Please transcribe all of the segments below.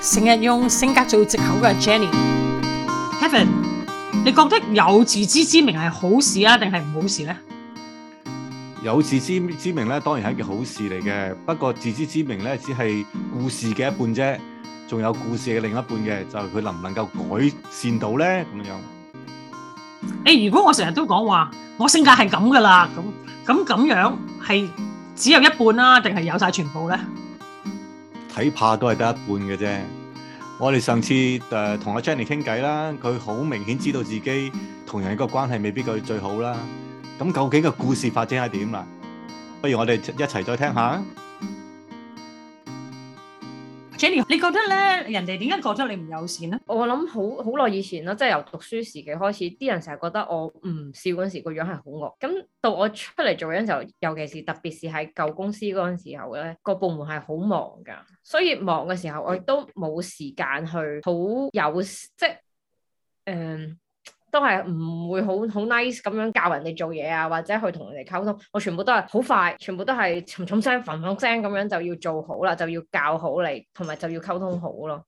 成日用性格做藉口嘅 Jenny，Kevin，你覺得有自知之明係好事啊，定係唔好事咧？有自知之明咧，當然係一件好事嚟嘅。不過自知之明咧，只係故事嘅一半啫，仲有故事嘅另一半嘅，就係佢能唔能夠改善到咧？咁樣。誒，如果我成日都講話我性格係咁噶啦，咁咁咁樣係只有一半啦，定係有晒全部咧？睇怕都係得一半嘅啫。我哋上次誒同、呃、阿 Jenny 傾偈啦，佢好明顯知道自己同人嘅個關係未必夠最好啦。咁究竟個故事發展係點呀？不如我哋一齊再聽下。Jenny，你覺得咧，人哋點解覺得你唔友善咧？我諗好好耐以前咯，即係由讀書時期開始，啲人成日覺得我唔笑嗰陣時個樣係好惡。咁到我出嚟做嘢時候，尤其是特別是喺舊公司嗰陣時候咧，個部門係好忙㗎，所以忙嘅時候我都冇時間去好友善，即係誒。嗯都係唔會好好 nice 咁樣教人哋做嘢啊，或者去同人哋溝通，我全部都係好快，全部都係沉沉聲、訓訓聲咁樣就要做好啦，就要教好你，同埋就要溝通好咯。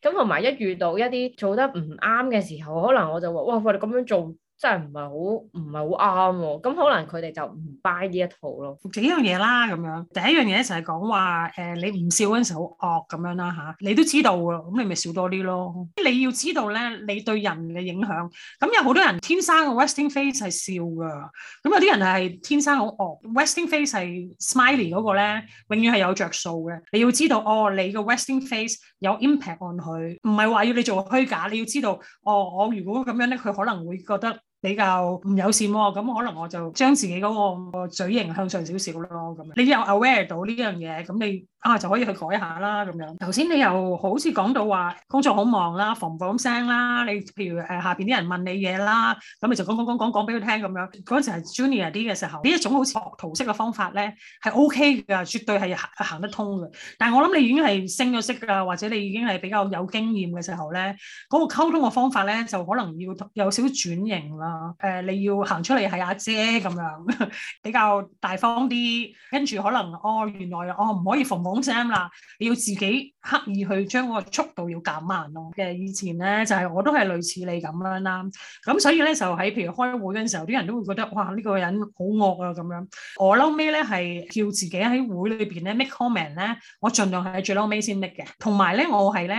咁同埋一遇到一啲做得唔啱嘅時候，可能我就話：哇，我哋咁樣做。真係唔係好唔係好啱喎，咁、哦、可能佢哋就唔 buy 呢一套咯。幾樣嘢啦咁樣，第一樣嘢就係講話誒、呃，你唔笑嗰陣時好惡咁樣啦嚇，你都知道喎，咁、嗯、你咪笑多啲咯。你要知道咧，你對人嘅影響，咁有好多人天生嘅 resting face 係笑㗎，咁有啲人係天生好惡，resting face 係 smiley 嗰個咧，永遠係有着數嘅。你要知道哦，你個 resting face 有 impact on 佢，唔係話要你做虛假，你要知道哦，我如果咁樣咧，佢可能會覺得。比較唔友善喎、哦，咁、嗯、可能我就將自己嗰個嘴型向上少少咯，咁樣你又 aware 到呢樣嘢，咁、嗯、你啊就可以去改下啦，咁樣頭先你又好似講到話工作好忙啦，防唔馴聲啦，你譬如誒、呃、下邊啲人問你嘢啦，咁你就講講講講講俾佢聽咁樣，嗰陣時係 junior 啲嘅時候，呢一種好似學徒式嘅方法咧係 OK 㗎，絕對係行、行得通嘅。但係我諗你已經係升咗職啊，或者你已經係比較有經驗嘅時候咧，嗰、那個溝通嘅方法咧就可能要有少轉型啦。啊、嗯！你要行出嚟係阿姐咁樣比較大方啲，跟住可能哦，原來我唔、哦、可以逢馴聲啦，你要自己刻意去將嗰個速度要減慢咯嘅。以前咧就係、是、我都係類似你咁樣啦，咁所以咧就喺譬如開會嘅時候，啲人都會覺得哇呢、這個人好惡啊咁樣。我撈尾咧係叫自己喺會裏邊咧 make comment 咧，我儘量係喺最撈尾先 make 嘅，同埋咧我係咧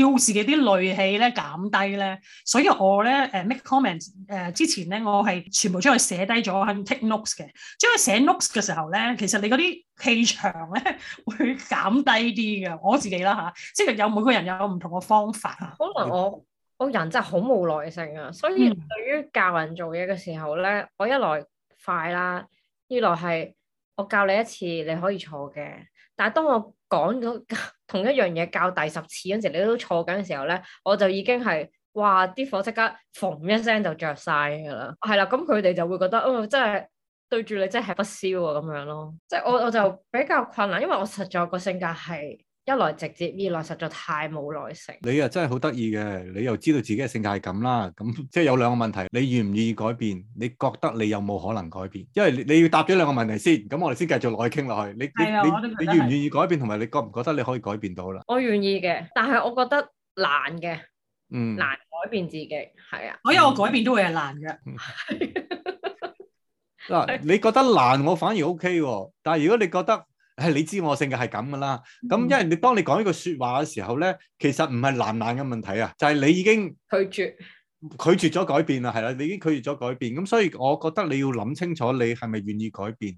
要自己啲戾氣咧減低咧，所以我咧誒 make comment 誒、呃。之前咧，我係全部將佢寫低咗 take notes 嘅。將佢寫 notes 嘅時候咧，其實你嗰啲氣場咧會減低啲嘅。我自己啦嚇、啊，即係有每個人有唔同嘅方法。可能我我人真係好冇耐性啊，所以對於教人做嘢嘅時候咧，嗯、我一來快啦，二來係我教你一次你可以錯嘅，但係當我講咗同一樣嘢教第十次嗰陣時，你都錯緊嘅時候咧，我就已經係。哇！啲火即刻嘣一聲就着晒噶啦，係啦，咁佢哋就會覺得，哦，真係對住你真係吃不消啊，咁樣咯。即係我我就比較困難，因為我實在個性格係一來直接，二來實在太冇耐性。你又真係好得意嘅，你又知道自己嘅性格係咁啦。咁即係有兩個問題，你願唔願意改變？你覺得你有冇可能改變？因為你要答咗兩個問題先，咁我哋先繼續落去傾落去。你的你你願唔願意改變，同埋你覺唔覺得你可以改變到啦？我願意嘅，但係我覺得難嘅。嗯，難改變自己，係啊，所有、嗯、改變都會係難嘅。嗱， 你覺得難，我反而 OK 喎、哦。但係如果你覺得，誒、哎，你知我性格係咁噶啦。咁、嗯、因為你當你講呢句說話嘅時候咧，其實唔係難唔難嘅問題啊，就係、是、你已經拒絕拒絕咗改變啦，係啦，你已經拒絕咗改變。咁所以我覺得你要諗清楚，你係咪願意改變？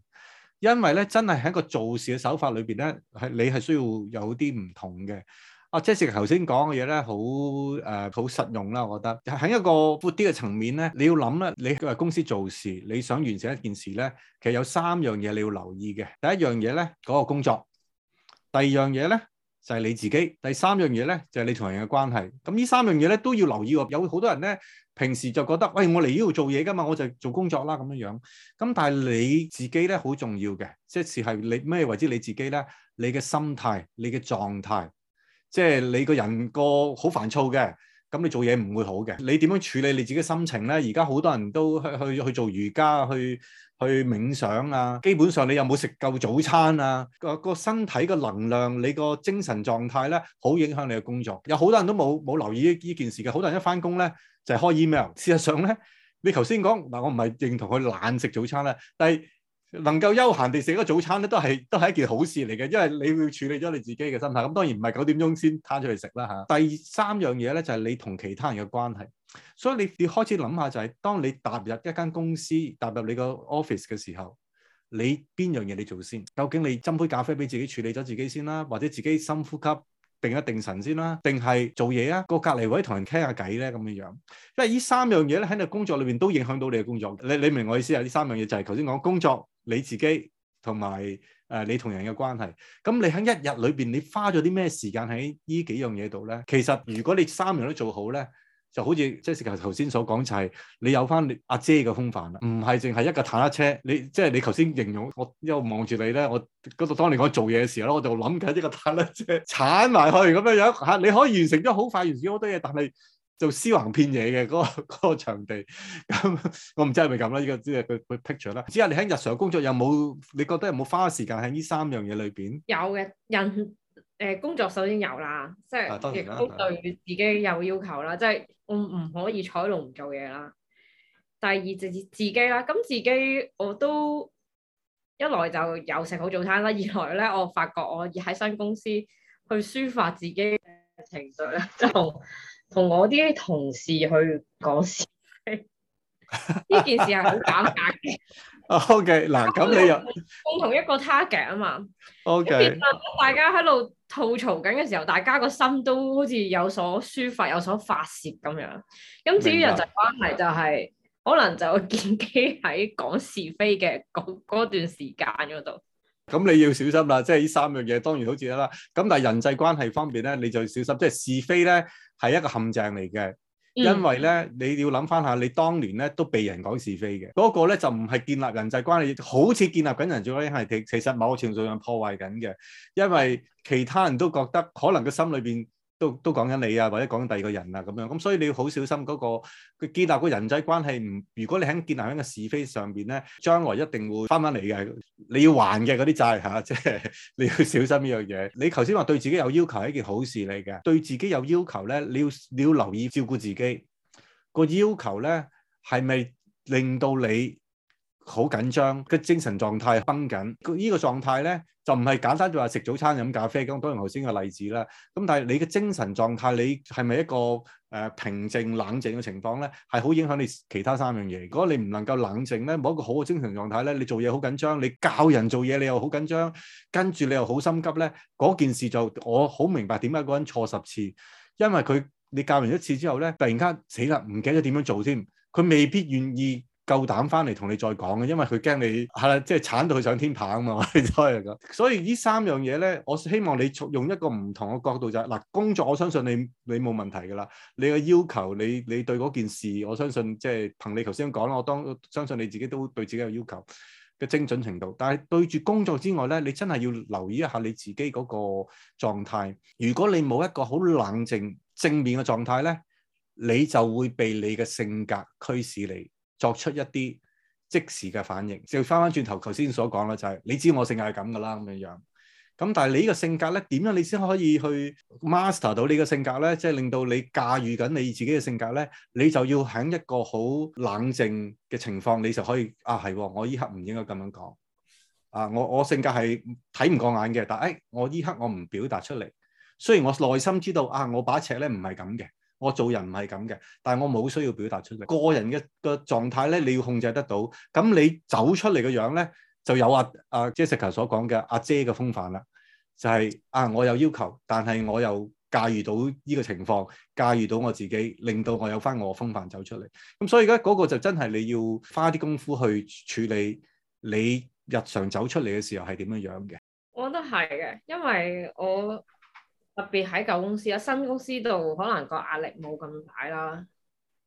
因為咧，真係喺一個做事嘅手法裏邊咧，係你係需要有啲唔同嘅。阿 Jason 頭先講嘅嘢咧，好誒，好實用啦！我覺得喺、呃、一個闊啲嘅層面咧，你要諗咧，你為公司做事，你想完成一件事咧，其實有三樣嘢你要留意嘅。第一樣嘢咧，嗰、那個工作；第二樣嘢咧，就係、是、你自己；第三樣嘢咧，就係、是、你同人嘅關係。咁呢三樣嘢咧，都要留意。有好多人咧，平時就覺得，喂，我嚟呢度做嘢㗎嘛，我就做工作啦咁樣樣。咁但係你自己咧，好重要嘅。即、就是係你咩為之你自己咧？你嘅心態，你嘅狀態。即係你個人個好煩躁嘅，咁你做嘢唔會好嘅。你點樣處理你自己心情咧？而家好多人都去去去做瑜伽、去去冥想啊。基本上你有冇食夠早餐啊？個個身體嘅能量、你個精神狀態咧，好影響你嘅工作。有好多人都冇冇留意呢件事嘅。好多人一翻工咧就係開 email。事實上咧，你頭先講嗱，我唔係認同佢懶食早餐咧，但係。能夠休閒地食個早餐咧，都係都係一件好事嚟嘅，因為你會處理咗你自己嘅心態。咁當然唔係九點鐘先攤出嚟食啦嚇。第三樣嘢咧就係、是、你同其他人嘅關係，所以你你開始諗下就係、是，當你踏入一間公司、踏入你個 office 嘅時候，你邊樣嘢你先做先？究竟你斟杯咖啡俾自己處理咗自己先啦、啊，或者自己深呼吸、定一定神先啦、啊，定係做嘢啊？個隔離位同人傾下偈咧咁樣樣。因為呢三樣嘢咧喺你工作裏邊都影響到你嘅工作。你你明我意思啊？呢三樣嘢就係頭先講工作。你自己同埋誒你同人嘅關係，咁你喺一日裏邊你花咗啲咩時間喺呢幾樣嘢度咧？其實如果你三樣都做好咧，就好似 Jessica 頭先所講，就係你有翻你阿姐嘅風範啦，唔係淨係一個坦克車。你即係你頭先形容我，我，又望住你咧，我度當年我做嘢嘅時候咧，我就諗緊呢個坦克車鏟埋去咁樣樣嚇，你可以完成咗好快完成好多嘢，但係。做私房片嘢嘅嗰個嗰、嗰個、場地，咁、 嗯、我唔知係咪咁啦，依家即係佢佢 picture 啦。只係你喺日常工作有冇你覺得有冇花時間喺呢三樣嘢裏邊？有嘅，人誒、呃、工作首先有啦，即係亦都對自己有要求啦，啊、即係我唔可以坐喺度唔做嘢啦。啊、第二就係自己啦，咁自己我都一來就有食好早餐啦，二來咧我發覺我而喺新公司去抒發自己嘅情緒咧就。 同我啲同事去講是非，呢 件事係好減壓嘅。啊、 okay，好嘅，嗱咁你又共同一個 target 啊嘛。O K。大家喺度吐槽緊嘅時候，大家個心都好似有所抒發、有所發泄咁樣。咁至於人際關係，就是，就係白可能就建基喺講是非嘅嗰段時間嗰度。咁你要小心啦，即係呢三樣嘢，當然好似得啦。咁但係人際關係方面咧你就要小心，即係是是非咧係一個陷阱嚟嘅，因為咧你要諗翻下，你當年咧都被人講是非嘅，嗰、嗰個咧就唔係建立人際關係，好似建立緊人際關係，係其實某個程度上破壞緊嘅，因為其他人都覺得可能佢心裏邊。都都講緊你啊，或者講緊第二個人啊，咁樣，咁所以你要好小心嗰個佢建立個人際關係。唔，如果你喺建立喺個是非上邊咧，將來一定會翻返嚟嘅。你要還嘅嗰啲債吓，即係、啊就是、你要小心呢樣嘢。你頭先話對自己有要求係一件好事嚟嘅，對自己有要求咧，你要你要留意照顧自己，嗰個要求咧，係咪令到你？好緊張，個精神狀態繃緊。這個、狀態呢呢個狀態咧，就唔係簡單就話食早餐飲咖啡咁。當然頭先嘅例子啦。咁但係你嘅精神狀態，你係咪一個誒、呃、平靜冷靜嘅情況咧？係好影響你其他三樣嘢。如果你唔能夠冷靜咧，冇一個好嘅精神狀態咧，你做嘢好緊張，你教人做嘢你又好緊張，跟住你又好心急咧。嗰件事就我好明白點解個人錯十次，因為佢你教完一次之後咧，突然間死啦，唔記得點樣做添。佢未必願意。夠膽翻嚟同你再講嘅，因為佢驚你係啦，即係鏟到佢上天棚啊嘛，佢都係咁。所以呢三樣嘢咧，我希望你用一個唔同嘅角度就係、是、嗱，工作我相信你你冇問題㗎啦。你嘅要求，你你對嗰件事，我相信即係憑你頭先講啦。我當我相信你自己都對自己有要求嘅精準程度。但係對住工作之外咧，你真係要留意一下你自己嗰個狀態。如果你冇一個好冷靜正面嘅狀態咧，你就會被你嘅性格驅使你。作出一啲即時嘅反應就翻翻轉頭，頭先所講啦，就是，就係你知我性格係咁噶啦，咁樣樣。咁但係你呢個性格咧，點樣你先可以去 master 到你嘅性格咧？即係令到你駕馭緊你自己嘅性格咧，你就要喺一個好冷靜嘅情況，你就可以啊，係我依刻唔應該咁樣講。啊，我我性格係睇唔過眼嘅，但係誒、哎，我依刻我唔表達出嚟。雖然我內心知道啊，我把尺咧唔係咁嘅。我做人唔係咁嘅，但係我冇需要表達出嚟。個人嘅個狀態咧，你要控制得到。咁你走出嚟嘅樣咧，就有阿、啊、阿、啊、Jessica 所講嘅阿姐嘅風範啦。就係、是、啊，我有要求，但係我又駕馭到呢個情況，駕馭到我自己，令到我有翻我風範走出嚟。咁所以而家嗰個就真係你要花啲功夫去處理你日常走出嚟嘅時候係點樣樣嘅。我覺得係嘅，因為我。特別喺舊公司啦，新公司度可能個壓力冇咁大啦，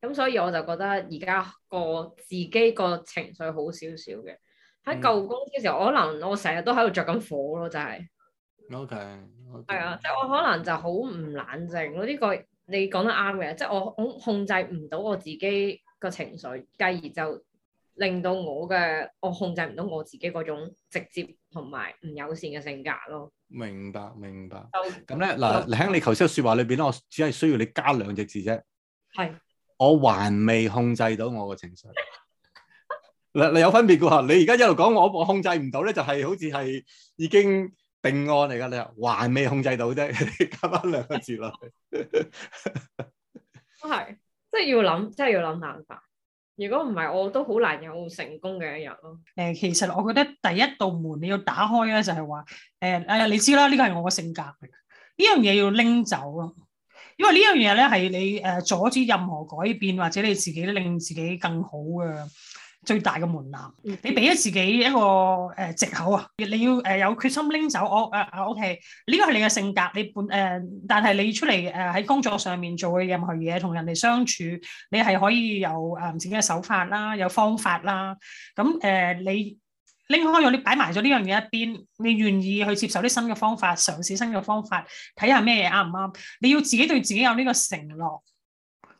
咁所以我就覺得而家個自己個情緒好少少嘅。喺舊公司時候，我、嗯、可能我成日都喺度着緊火咯，就係、是。OK。係啊，即係我可能就好唔冷靜咯，呢、這個你講得啱嘅，即、就、係、是、我控控制唔到我自己個情緒，繼而就。令到我嘅我控制唔到我自己嗰種直接同埋唔友善嘅性格咯。明白，明白。咁咧嗱，喺、嗯、你頭先嘅說話裏邊咧，我只係需要你加兩隻字啫。係是。我還未控制到我嘅情緒。嗱， 你有分別噶？你而家一路講我我控制唔到咧，就係、是、好似係已經定案嚟噶啦。你還未控制到啫， 你加翻兩個字落去。都 係，即係要諗，即係要諗辦法。如果唔係，我都好難有成功嘅一日咯。誒，其實我覺得第一道門你要打開咧，就係話，誒誒，你知啦，呢個係我嘅性格，呢樣嘢要拎走咯。因為呢樣嘢咧係你誒阻止任何改變或者你自己令自己更好嘅。最大嘅門檻，你俾咗自己一個誒藉口啊！你要誒有決心拎走我誒、呃、OK，呢個係你嘅性格。你本誒、呃，但係你出嚟誒喺工作上面做嘅任何嘢，同人哋相處，你係可以有誒自己嘅手法啦，有方法啦。咁誒、呃，你拎開咗，你擺埋咗呢樣嘢一邊，你願意去接受啲新嘅方法，嘗試新嘅方法，睇下咩嘢啱唔啱。你要自己對自己有呢個承諾。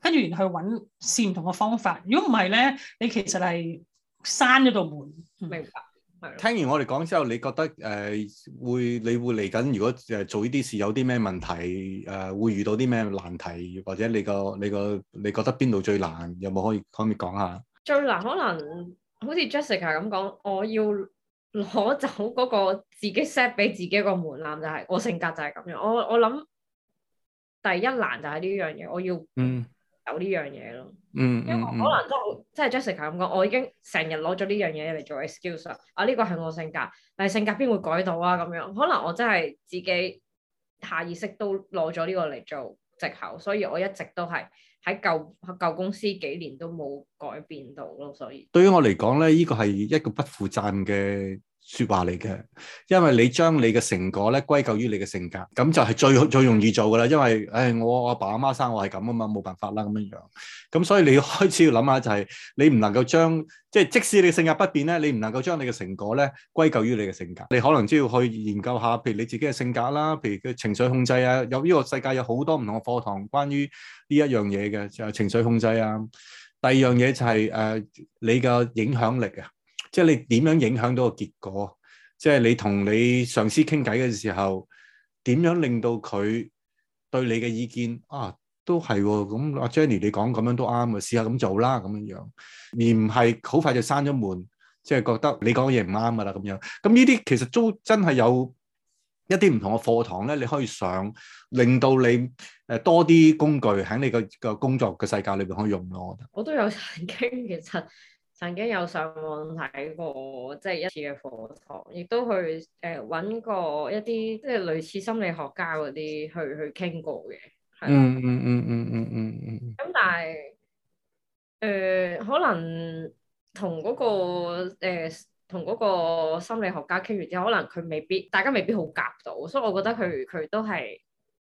跟住去揾試唔同嘅方法。如果唔係咧，你其實係閂咗道門。明白。聽完我哋講之後，你覺得誒會，你會嚟緊？如果誒做呢啲事，有啲咩問題誒？會遇到啲咩難題，或者你個你個你覺得邊度最難？有冇可以可以講下？最難可能好似 Jessica 咁講，我要攞走嗰個自己 set 俾自己個門檻，就係我性格就係咁樣。我我諗第一難就係呢樣嘢，我要嗯。有呢樣嘢咯，嗯、因為可能都、嗯、即係 Jessica 咁講，我已經成日攞咗呢樣嘢嚟做 excuse，啊，我呢個係我性格，但係性格邊會改到啊？咁樣可能我真係自己下意識都攞咗呢個嚟做藉口，所以我一直都係喺舊舊公司幾年都冇改變到咯。所以對於我嚟講咧，呢、呢個係一個不負責任嘅。說話嚟嘅，因為你將你嘅成果咧歸咎於你嘅性格，咁就係最最容易做㗎喇。因為誒、哎，我阿爸阿媽生我係咁啊嘛，冇辦法啦咁樣樣。咁所以你開始要諗下就係、是，你唔能夠將即係，就是、即使你性格不變咧，你唔能夠將你嘅成果咧歸咎於你嘅性格。你可能只要去研究下，譬如你自己嘅性格啦，譬如嘅情緒控制啊。有呢、這個世界有好多唔同嘅課堂關於呢一樣嘢嘅，就係、是、情緒控制啊。第二樣嘢就係、是、誒、呃，你嘅影響力啊。即係你點樣影響到個結果？即係你同你上司傾偈嘅時候，點樣令到佢對你嘅意見啊？都係咁、哦，阿、嗯啊、Jenny 你講咁樣都啱啊，試下咁做啦，咁樣樣，而唔係好快就閂咗門，即係覺得你講嘢唔啱噶啦，咁樣。咁呢啲其實都真係有一啲唔同嘅課堂咧，你可以上，令到你誒多啲工具喺你個個工作嘅世界裡邊可以用咯。我都有曾經其實。曾經有上網睇過，即係一次嘅課堂，亦都去誒搵、呃、過一啲即係類似心理學家嗰啲去去傾過嘅。嗯嗯嗯嗯嗯嗯嗯。咁但係誒、呃，可能同嗰、嗰個同嗰、呃、心理學家傾完之後，可能佢未必大家未必好夾到，所以我覺得佢佢都係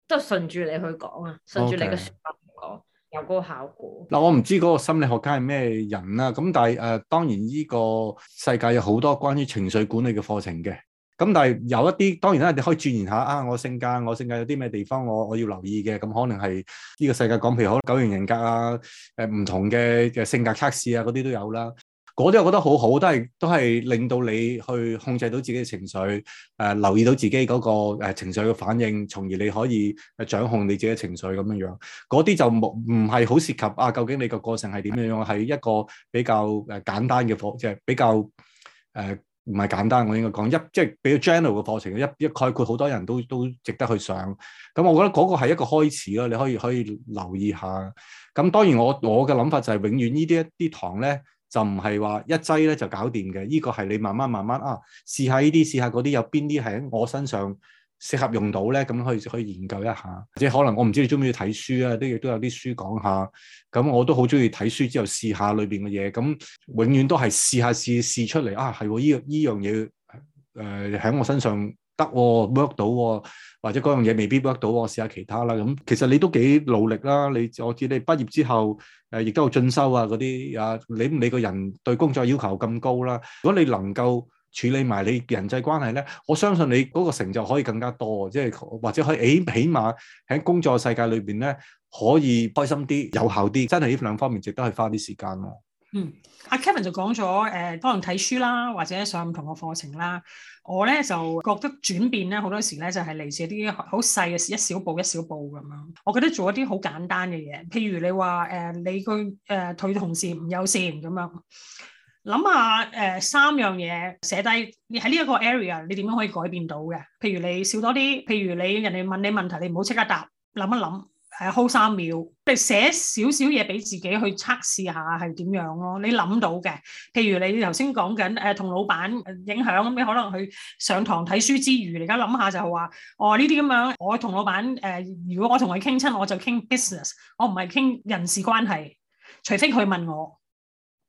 都係順住你去講啊，順住你嘅説話講。Okay. 有嗰個效果嗱，我唔知嗰個心理學家係咩人啦、啊。咁但係誒、呃，當然呢個世界有好多關於情緒管理嘅課程嘅。咁但係有一啲當然啦、啊，你可以鑽研下啊，我性格，我性格有啲咩地方，我我要留意嘅。咁可能係呢個世界講譬如好多九型人格啊，誒、呃、唔同嘅嘅性格測試啊，嗰啲都有啦。嗰啲我覺得好好，都係都係令到你去控制到自己嘅情緒，誒、呃、留意到自己嗰、那個、呃、情緒嘅反應，從而你可以誒掌控你自己嘅情緒咁樣樣。嗰啲就冇唔係好涉及啊，究竟你個過程係點樣樣？係的一個比較誒簡單嘅課，即、就、係、是、比較誒唔係簡單，我應該講一即係、就是、比較 general 嘅課程，一一概括好多人都都值得去上。咁我覺得嗰個係一個開始啦，你可以可以留意下。咁當然我我嘅諗法就係永遠呢啲一啲堂咧。就唔係話一劑咧就搞掂嘅，呢個係你慢慢慢慢啊，試下呢啲，試下嗰啲，有邊啲係喺我身上適合用到咧？咁可，可以研究一下，即係可能我唔知你中唔中意睇書啊，都亦都有啲書講下。咁我都好中意睇書之後試下裏邊嘅嘢，咁永遠都係試下試試出嚟啊，係呢個呢樣嘢誒喺我身上，得 work 到，或者嗰樣嘢未必 work 到，試下其他啦。咁其實你都幾努力啦。你，我知你畢業之後，誒亦都有進修啊嗰啲啊。你你，個人對工作要求咁高啦。如果你能夠處理埋你人際關係咧，我相信你嗰個成就可以更加多。即係或者可以，起起碼，喺工作世界裏邊咧，可以開心啲、有效啲。真係呢兩方面值得去花啲時間咯。嗯，阿 Kevin 就講咗，誒、呃，可能睇書啦，或者上唔同嘅課程啦。我咧就覺得轉變咧，好多時咧就係、是、嚟自啲好細嘅事，一小步一小步咁樣。我覺得做一啲好簡單嘅嘢，譬如你話，誒、呃，你個誒、呃、對同事唔友善咁樣，諗下，誒、呃，三樣嘢寫低，你喺呢一個 area 你點樣可以改變到嘅？譬如你笑多啲，譬如你人哋問你問題，你唔好即刻答，諗一諗。誒 hold 三秒，即係寫少少嘢俾自己去測試下係點樣咯。你諗到嘅，譬如你頭先講緊誒同老闆影響咁，你可能去上堂睇書之餘，你而家諗下就係話，哦呢啲咁樣，我同老闆誒、呃，如果我同佢傾親，我就傾 business，我唔係傾人事關係，除非佢問我，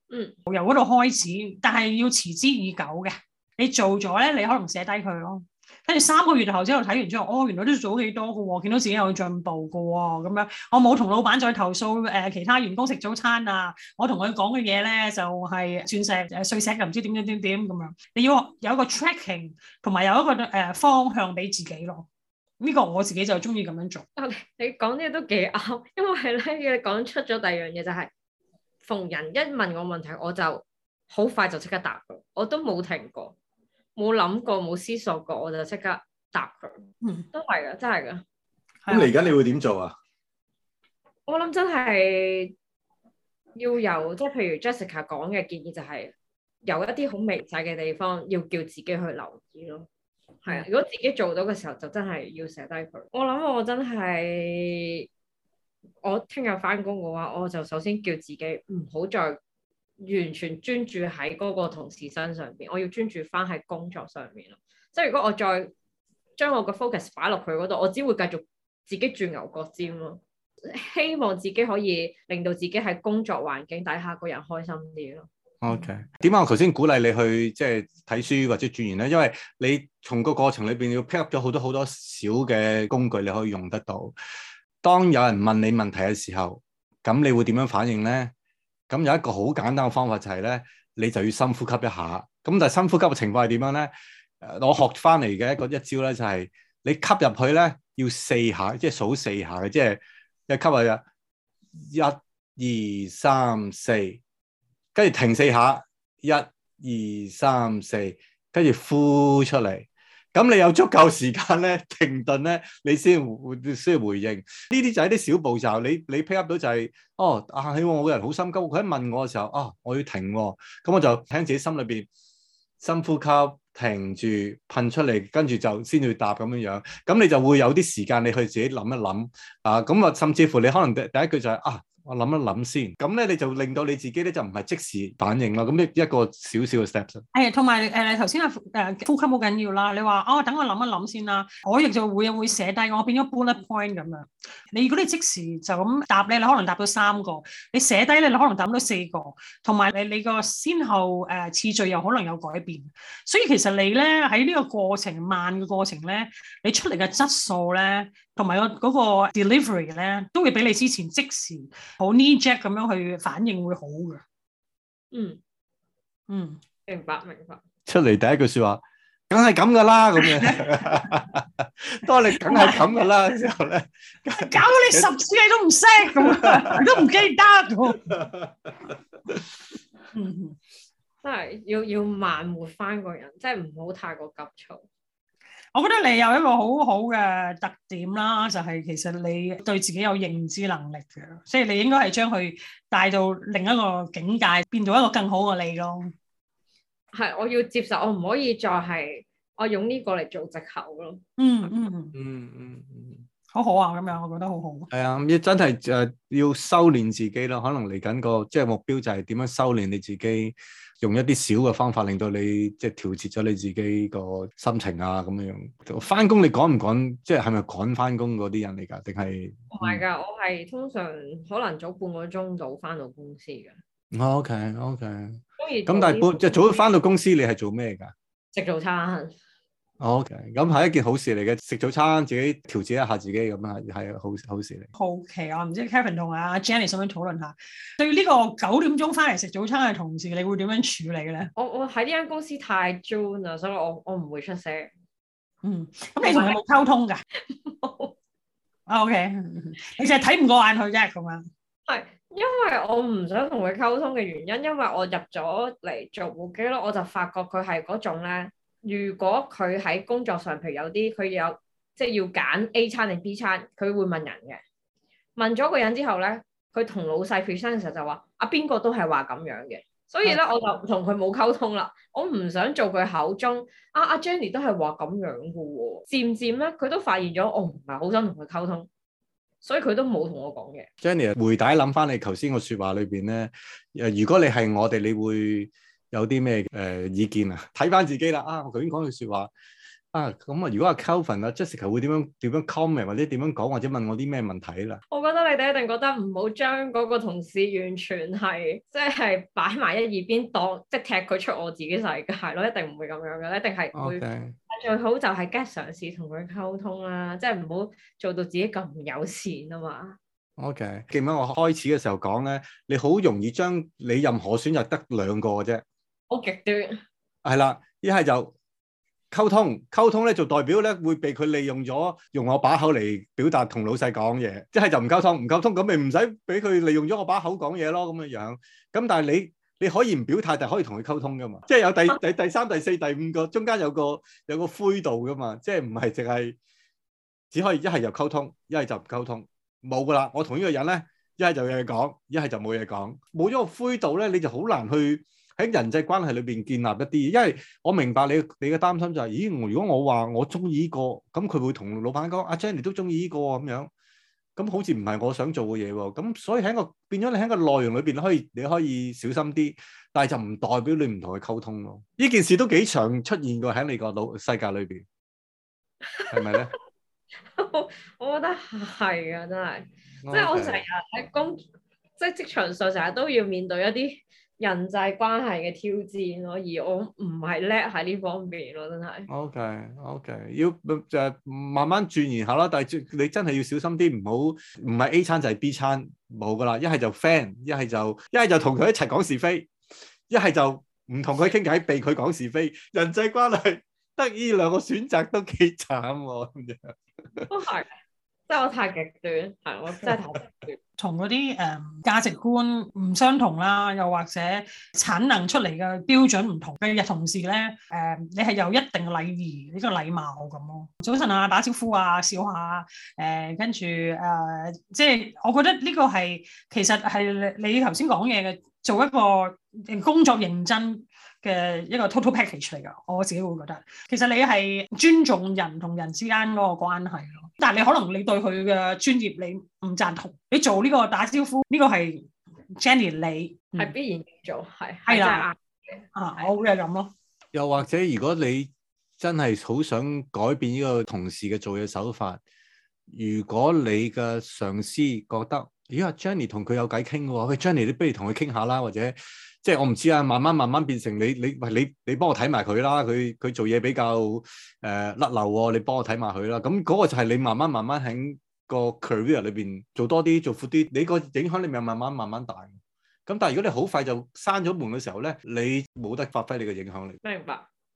嗯，由嗰度開始，但係要持之以久嘅，你做咗咧，你可能寫低佢咯。跟住三個月後之後睇完之後，哦，原來都早幾多嘅，哦，見到自己有進步嘅，哦，咁樣我冇同老闆再投訴，誒、呃，其他員工食早餐啊，我同佢講嘅嘢咧就係、是、鑽石誒碎石又唔知點點點點咁樣，你要有一個 tracking，同埋有一個誒、呃、方向俾自己咯。呢、這個我自己就中意咁樣做。Okay，你講啲嘢都幾啱，因為係、啊、你講出咗第二樣嘢就係、是，逢人一問我問題，我就好快就即刻答嘅，我都冇停過。冇諗過，冇思索過，我就即刻答佢。嗯，都係噶，真係噶。咁嚟緊你會點做啊？我諗真係要有，即係譬如 Jessica 講嘅建議，就係有一啲好微細嘅地方，要叫自己去留意咯。係啊，嗯、如果自己做到嘅時候，就真係要寫低佢。我諗我真係，我聽日返工嘅話，我就首先叫自己唔好再。完全專注喺嗰個同事身上邊，我要專注翻喺工作上面咯。即係如果我再將我個 focus 擺落去嗰度，我只會繼續自己鑽牛角尖咯。希望自己可以令到自己喺工作環境底下個人開心啲咯。OK，點解我頭先鼓勵你去即係睇書或者轉研咧，因為你從個過程裏邊要 pick up 咗好多好多小嘅工具，你可以用得到。當有人問你問題嘅時候，咁你會點樣反應咧？咁有一個好簡單嘅方法就係咧，你就要深呼吸一下。咁但係深呼吸嘅情況係點樣咧？誒，我學翻嚟嘅一個一招咧，就係你吸入去咧要四下，即係數四下嘅，即係一吸入去，一、二、三、四，跟住停四下，一、二、三、四，跟住呼出嚟。咁你有足夠時間咧停頓咧，你先會先回應。呢啲就係啲小步驟，你你 pick up 到就係、是、哦啊，希望我個人好心急。佢一問我嘅時候啊、哦，我要停、哦。咁、嗯、我就喺自己心裏邊深呼吸，停住，噴出嚟，跟住就先去答咁樣樣。咁、嗯、你就會有啲時間你去自己諗一諗啊。咁、嗯、啊，甚至乎你可能第一第一句就係、是、啊。我諗一諗先，咁咧你就令到你自己咧就唔係即時反應啦。咁一一個少少嘅 steps 誒，同埋誒，你頭先話誒呼吸好緊要啦。你話哦，等我諗一諗先啦。我亦就會會寫低我變咗 bullet point 咁樣。你如果你即時就咁答咧，你可能答到三個；你寫低咧，你可能答到四個。同埋你你個先後誒、呃、次序又可能有改變。所以其實你咧喺呢個過程慢嘅過程咧，你出嚟嘅質素咧。同埋我嗰個 delivery 咧，都會畀你之前即時好 n i j e t 咁樣去反應會好嘅。嗯嗯明，明白明白。出嚟第一句説話，梗係咁噶啦咁 樣啦。當你梗係咁噶啦之後咧， 搞到你十次你都唔識樣，咁 都唔記得。 嗯，真係 要要,要慢活翻個人，即係唔好太過急躁。我覺得你有一個好好嘅特點啦，就係其實你對自己有認知能力嘅，所以你應該係將佢帶到另一個境界，變做一個更好嘅你咯。係，我要接受，我唔可以再係我用呢個嚟做藉口咯。嗯嗯嗯嗯嗯，好好啊，咁樣我覺得好好。係啊，要真係誒要修煉自己咯，可能嚟緊個即係目標就係點樣修煉你自己。用一啲小嘅方法，令到你即係調節咗你自己個心情啊，咁樣樣。翻工你趕唔趕？即係係咪趕翻工嗰啲人嚟噶？定係唔係噶？我係通常可能早半個鐘到翻到公司嘅。哦。OK OK。咁所以但係半即係早翻到公司你，你係做咩噶？食早餐。Ok，咁係一件好事嚟嘅。食早餐，自己調節一下自己，咁樣係好好事嚟。好奇啊，唔、okay, 知 Kevin 同阿 Jenny 想唔想討論下，對呢個九點鐘返嚟食早餐嘅同事，你會點樣處理咧？我我喺呢間公司太 junior 啦，所以我我唔會出聲。嗯，咁你同佢冇溝通噶？O K，你淨係睇唔過眼佢啫，咁樣。係，因為我唔想同佢溝通嘅原因，因為我入咗嚟做簿記咯，我就發覺佢係嗰種咧。如果佢喺工作上，譬如有啲佢有即係要揀 A 餐定 B 餐，佢會問人嘅。問咗個人之後咧，佢同老細 present 嘅時候就話：啊，邊個都係話咁樣嘅。所以咧，我就同佢冇溝通啦。我唔想做佢口中啊，阿、啊、Jenny 都係話咁樣嘅。漸漸咧，佢都發現咗我唔係好想同佢溝通，所以佢都冇同我講嘅。Jenny 回帶諗翻你頭先個説話裏邊咧，誒，如果你係我哋，你會？有啲咩誒意見啊？睇翻自己啦。啊，我頭先講句説話啊。咁啊，如果阿 Kelvin 啊、Jessica 會點樣點樣 comment，或者點樣講，或者問我啲咩問題啦？我覺得你哋一定覺得唔好將嗰個同事完全係即係擺埋一邊，當即係踢佢出我自己世界咯。一定唔會咁樣嘅，一定係會。哦，Okay. 最好就係 get 嘗試同佢溝通啦、啊，即係唔好做到自己咁友善啊嘛。OK，記唔記得我開始嘅時候講咧？你好容易將你任何選擇得兩個啫。好極端，係啦，一係就溝通，溝通咧就代表咧會被佢利用咗，用我把口嚟表達同老細講嘢。即係就唔溝通，唔溝通咁咪唔使俾佢利用咗我把口講嘢咯，咁樣樣。咁但係你你可以唔表態，但係可以同佢溝通噶嘛。即係有第第第三第四第五個中間有個有個灰度噶嘛。即係唔係淨係只可以一係就溝通，一係就唔溝通，冇噶啦。我同呢個人咧，一係就有嘢講，一係就冇嘢講。冇咗個灰度咧，你就好難去。喺人際關係裏邊建立一啲，因為我明白你你嘅擔心就係、是，咦？如果我話我中意依個，咁佢會同老闆講，阿 Jenny 都中意依個咁樣，咁好似唔係我想做嘅嘢喎。咁所以喺個變咗你喺個內容裏邊可以，你可以小心啲，但係就唔代表你唔同佢溝通咯。呢件事都幾常出現過喺你個老世界裏邊，係咪咧？ 我我覺得係啊，真係 Okay.，即係我成日喺工，即係職場上成日都要面對一啲人際關係嘅挑戰咯，所以我唔係叻喺呢方面咯，真係。OK，OK，okay, okay, 要就係、呃呃、慢慢轉，然後啦，但係你真係要小心啲，唔好唔係 A 餐就係 B 餐，冇噶啦，fan, 一係就 friend，一係就一係就同佢一齊講是非，一係就唔同佢傾偈避佢講是非，人際關係得依兩個選擇都幾慘喎咁樣。都 係、哦，即係我太極端，係我真係太極端。 同嗰啲誒價值觀唔相同啦，又或者產能出嚟嘅標準唔同嘅同事咧，誒、呃、你係有一定嘅禮儀，呢個禮貌咁咯、啊。早晨啊，打招呼啊，笑下誒、啊，跟住誒，即係我覺得呢個係其實係你頭先講嘢嘅，做一個工作認真嘅一個 total package 嚟噶。我自己會覺得，其實你係尊重人同人之間嗰個關係。但你可能你對佢嘅專業你唔贊同，你做呢個打招呼呢、呢個係 Jenny 你係、嗯、必然要做，係係啦，啊我會係咁咯。又或者如果你真係好想改變呢個同事嘅做嘢手法，如果你嘅上司覺得，咦、呃、啊 Jenny 同佢有偈傾嘅話，喂 Jenny 你不如同佢傾下啦，或者。即係我唔知啊，慢慢慢慢變成你你喂你你幫我睇埋佢啦，佢佢做嘢比較誒甩漏喎，你幫我睇埋佢啦。咁嗰、呃哦嗯那個就係你慢慢慢慢喺個 career 裏邊做多啲做闊啲，你個影響力咪慢慢慢慢大。咁、嗯、但係如果你好快就閂咗門嘅時候咧，你冇得發揮你嘅影響力。明白，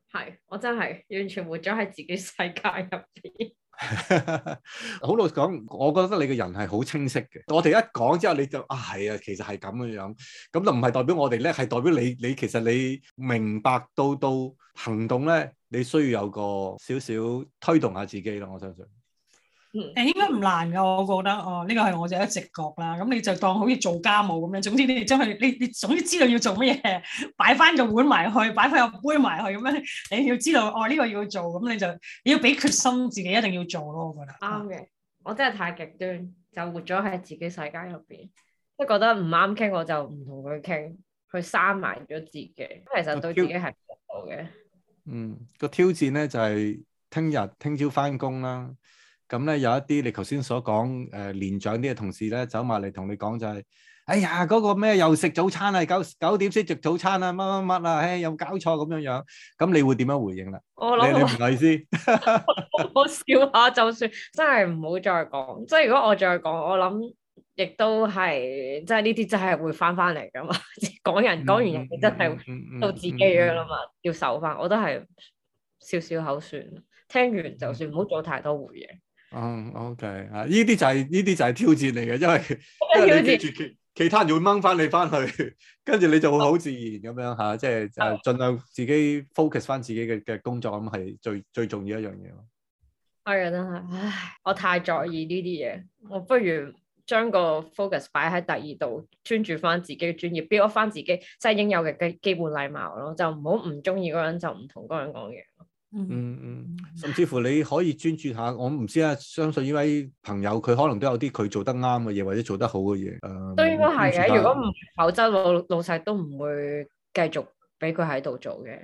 係我真係完全活咗喺自己世界入邊。好 老實講，我覺得你嘅人係好清晰嘅。我哋一講之後，你就啊係啊，其實係咁嘅樣，咁就唔係代表我哋咧，係代表你。你其實你明白到到行動咧，你需要有個少少推動下自己喇。我相信。誒，嗯、應該唔難噶，我覺得哦，呢個係我就一直覺啦。咁、嗯、你就當好似做家務咁樣，總之你將佢，你你總之知道要做乜嘢，擺翻個碗埋去，擺翻個杯埋去咁樣，你要知道哦呢、這個要做，咁、嗯、你就你要俾決心自己一定要做咯。我覺得啱嘅，嗯啊 okay。我真係太極端，就活咗喺自己世界入邊，即係覺得唔啱傾，我就唔同佢傾，佢閂埋咗自己，其實對自己係好嘅。嗯，個挑戰咧就係聽日聽朝翻工啦。咁咧，有一啲你頭先所講，誒年長啲嘅同事咧，走埋嚟同你講就係、是，哎呀嗰、那個咩，又食早餐啊，九九點先食早餐啊乜乜乜啊，有又搞錯咁樣樣，咁你會點樣回應啦我想我？你明我意思？我笑下就算，真係唔好再講。即係如果我再講，我諗亦都係，即係呢啲真係會翻翻嚟噶嘛。講人講完人哋，真係到自己噶啦嘛，要守翻。我都係笑笑口算，聽完就算，唔好做太多回應。嗯、oh，OK，吓呢啲就係呢啲就係挑戰嚟嘅，因為戰因為其，其他人就會掹翻你翻去，跟住你就會好自然咁樣吓，即係盡量自己 focus 翻自己嘅嘅工作咁，係最最重要一樣嘢咯。係啊、哎，真係，唉，我太在意呢啲嘢，我不如將個 focus 擺喺第二度，專注翻自己嘅專業 build 翻自己即係應有嘅基基本禮貌咯，就唔好唔中意嗰個人就唔同嗰人講嘢。嗯嗯，甚至乎你可以專注下，我唔知啊，相信呢位朋友佢可能都有啲佢做得啱嘅嘢，或者做得好嘅嘢。都應該係嘅，如果唔，否則老老細都唔會繼續俾佢喺度做嘅，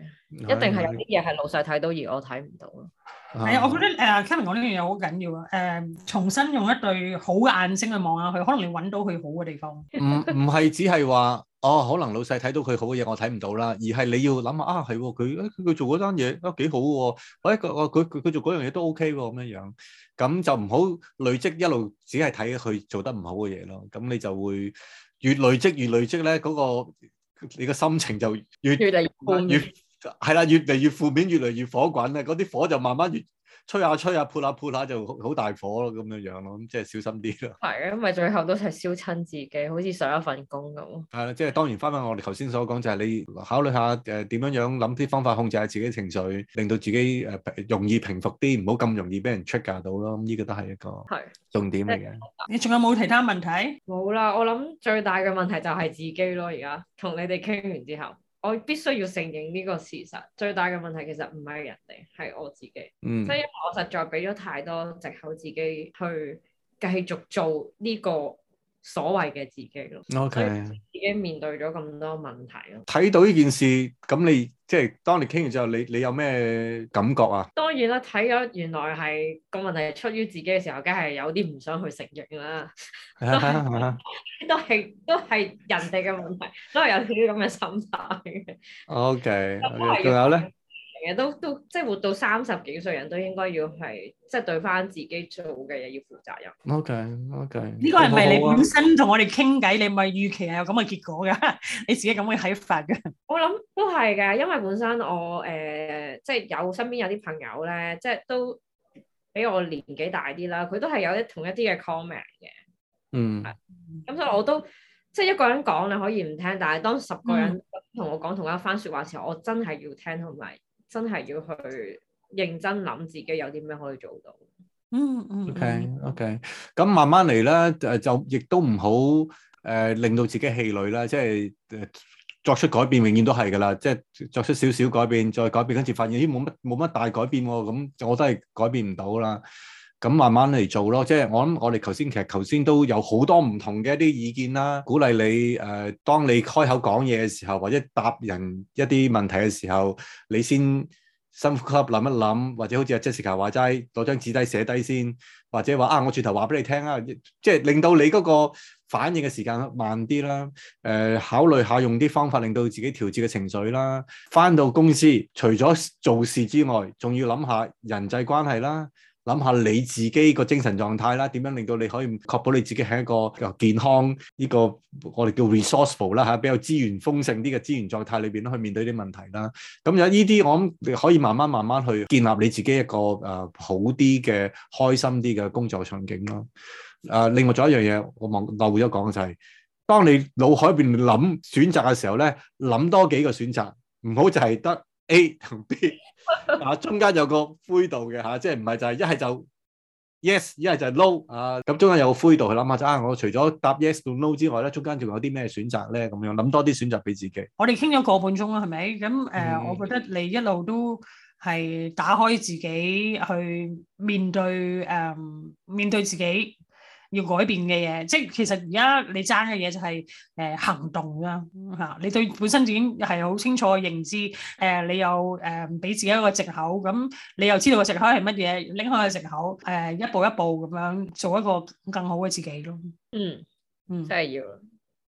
的一定係有啲嘢係老細睇到而我睇唔到。係啊，我覺得誒 Kevin 講呢樣嘢好緊要啊！誒、呃，重新用一對好嘅眼睛去望下佢，可能你揾到佢好嘅地方。唔唔係只係話哦，可能老細睇到佢好嘅嘢，我睇唔到啦。而係你要諗下啊，係喎，佢佢做嗰單嘢都幾好喎、啊。誒個佢佢做嗰樣嘢都 OK 喎、啊，咁樣樣。咁就唔好累積一路只係睇佢做得唔好嘅嘢咯。咁你就會越累積越累積咧，嗰、那個你嘅心情就越越嚟越，越係啦，越嚟越負面，越嚟越火滾咧。嗰啲火就慢慢越吹下吹下，潑下潑下，就好大火咯。咁樣樣咯，咁即係小心啲咯。係啊，因為最後都係燒親自己，好似上一份工咁。係啦、啊，即係當然，翻翻我哋頭先所講，就係、是、你考慮下誒，點、呃、樣樣諗啲方法控制下自己情緒，令到自己誒、呃、容易平復啲，唔好咁容易俾人 trigger 到咯。咁呢個都係一個重點嚟嘅。的你仲有冇其他問題？冇啦，我諗最大嘅問題就係自己咯。而家同你哋傾完之後。我必須要承認呢個事實，最大嘅問題其實唔係人哋，係我自己，即係、嗯、因為我實在俾咗太多藉口自己去繼續做呢、呢個。所謂嘅自己咯，OK，已經面對咗咁多問題咯。睇到呢件事，咁你即係當你傾完之後，你你有咩感覺啊？當然啦，睇咗原來係個問題係出於自己嘅時候，梗係有啲唔想去承認啦。都係都係人哋嘅問題，都係有少少咁嘅心態嘅。OK，仲有咧。都都即係活到三十幾歲人都應該要係即係對翻自己做嘅嘢要負責任。O K O K 呢個係咪你本身同我哋傾偈？啊、你咪預期係有咁嘅結果噶？ 你自己咁嘅睇法噶？我諗都係嘅，因為本身我誒、呃、即係有身邊有啲朋友咧，即係都比我年紀大啲啦，佢都係有一同一啲嘅 comment 嘅。嗯，咁、嗯、所以我都即係一個人講你可以唔聽，但係當十個人同我講同一番說話時候，我真係要聽同埋。真係要去認真諗自己有啲咩可以做到。嗯嗯。OK OK，咁慢慢嚟啦。誒，就亦都唔好誒，令到自己氣餒啦。即係誒，作出改變永遠都係㗎啦。即係作出少少改變，再改變，跟住發現，咦，冇乜冇乜大改變喎。咁我都係改變唔到啦。咁慢慢嚟做咯，即係我諗我哋頭先其實頭先都有好多唔同嘅一啲意見啦，鼓勵你誒、呃，當你開口講嘢嘅時候，或者答人一啲問題嘅時候，你先深呼吸諗一諗，或者好似阿 Jessica 話齋，攞張紙低寫低先，或者話啊，我轉頭話俾你聽啊，即係令到你嗰個反應嘅時間慢啲啦，誒、呃，考慮下用啲方法令到自己調節嘅情緒啦。翻到公司除咗做事之外，仲要諗下人際關係啦。諗下你自己個精神狀態啦，點樣令到你可以確保你自己係一個健康，呢個我哋叫 resourceful 啦吓，比較資源豐盛啲嘅資源狀態裏邊去面對啲問題啦。咁有呢啲我諗你可以慢慢慢慢去建立你自己一個誒、呃、好啲嘅開心啲嘅工作場景咯。誒、呃，另外仲有一樣嘢，我忘漏咗講就係，當你腦海邊諗選擇嘅時候咧，諗多幾個選擇，唔好就係得。A 同 B 啊，中間有個灰度嘅吓、啊，即係唔係就係一係就 Yes，一係就係 No 啊，咁中間有個灰度，諗下先。我除咗答 Yes 同 No 之外咧，中間仲有啲咩選擇咧？咁樣諗多啲選擇俾自己。我哋傾咗個半鐘啦，係咪？咁誒、呃，我覺得你一路都係打開自己去面對誒、呃，面對自己。要改變嘅嘢，即係其實而家你爭嘅嘢就係、是、誒、呃、行動啦吓、啊。你對本身自己係好清楚嘅認知，誒、呃、你又誒俾、呃、自己一個藉口，咁、嗯、你又知道藉個藉口係乜嘢，拎開個藉口，誒、呃、一步一步咁樣做一個更好嘅自己咯。嗯，嗯，真係要，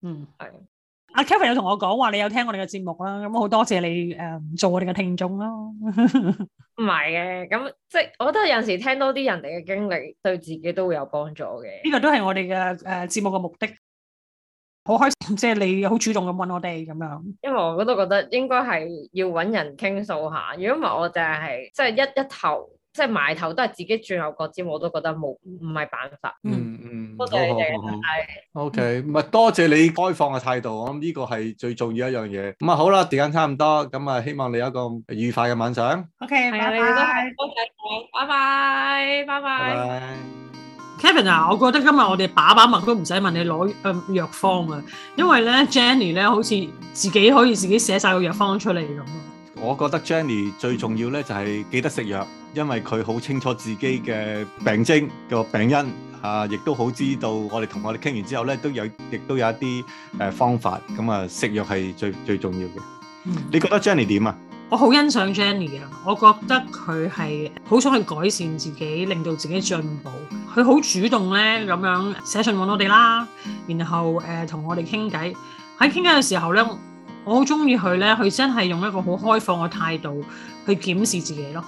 嗯係。阿 Kevin 有同我講話，你有聽我哋嘅節目啦，咁好多謝你誒、嗯、做我哋嘅聽眾咯。唔係嘅，咁即係我覺得有時聽多啲人哋嘅經歷，對自己都會有幫助嘅。呢個都係我哋嘅誒節目嘅目的。好開心，即係你好主動咁揾我哋咁樣。因為我覺得覺得應該係要揾人傾訴下，如果唔係我就係即係一一頭。即係埋頭都係自己最後嗰招，我都覺得冇唔係辦法。嗯嗯，多謝你哋，係。O K，唔係多謝你開放嘅態度，我諗呢個係最重要一樣嘢。咁啊，好啦，時間差唔多，咁啊，希望你有一個愉快嘅晚上。O K，拜拜。O K，拜拜，拜拜。Kevin 啊，我覺得今日我哋把把脈都唔使問你攞誒藥方啊，因為咧 Jenny 咧好似自己可以自己寫晒個藥方出嚟咁。我覺得 Jenny 最重要咧就係、是、記得食藥，因為佢好清楚自己嘅病徵個病因啊，亦都好知道我哋同我哋傾完之後咧都有，亦都有一啲誒、呃、方法，咁啊食藥係最最重要嘅。你覺得 Jenny 點啊？我好欣賞 Jenny 啊，我覺得佢係好想去改善自己，令到自己進步。佢好主動咧咁樣寫信搵我哋啦，然後誒同、呃、我哋傾偈。喺傾偈嘅時候咧。我好中意佢咧，佢真係用一個好開放嘅態度去檢視自己咯。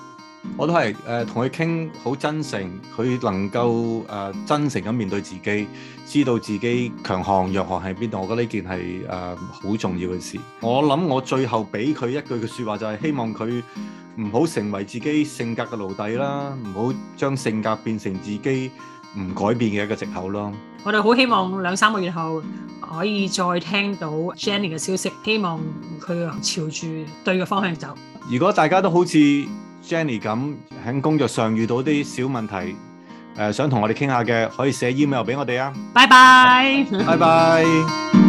我都係誒同佢傾好真誠，佢能夠誒、呃、真誠咁面對自己，知道自己強項弱項喺邊度。我覺得呢件係誒好重要嘅事。我諗我最後俾佢一句嘅説話就係、是、希望佢唔好成為自己性格嘅奴隸啦，唔好將性格變成自己唔改變嘅一個藉口咯。我哋好希望兩三個月後可以再聽到 Jenny 嘅消息，希望佢啊朝住對嘅方向走。如果大家都好似 Jenny 咁喺工作上遇到啲小問題，誒、呃、想同我哋傾下嘅，可以寫 email 俾我哋啊。拜拜 bye，拜拜 bye。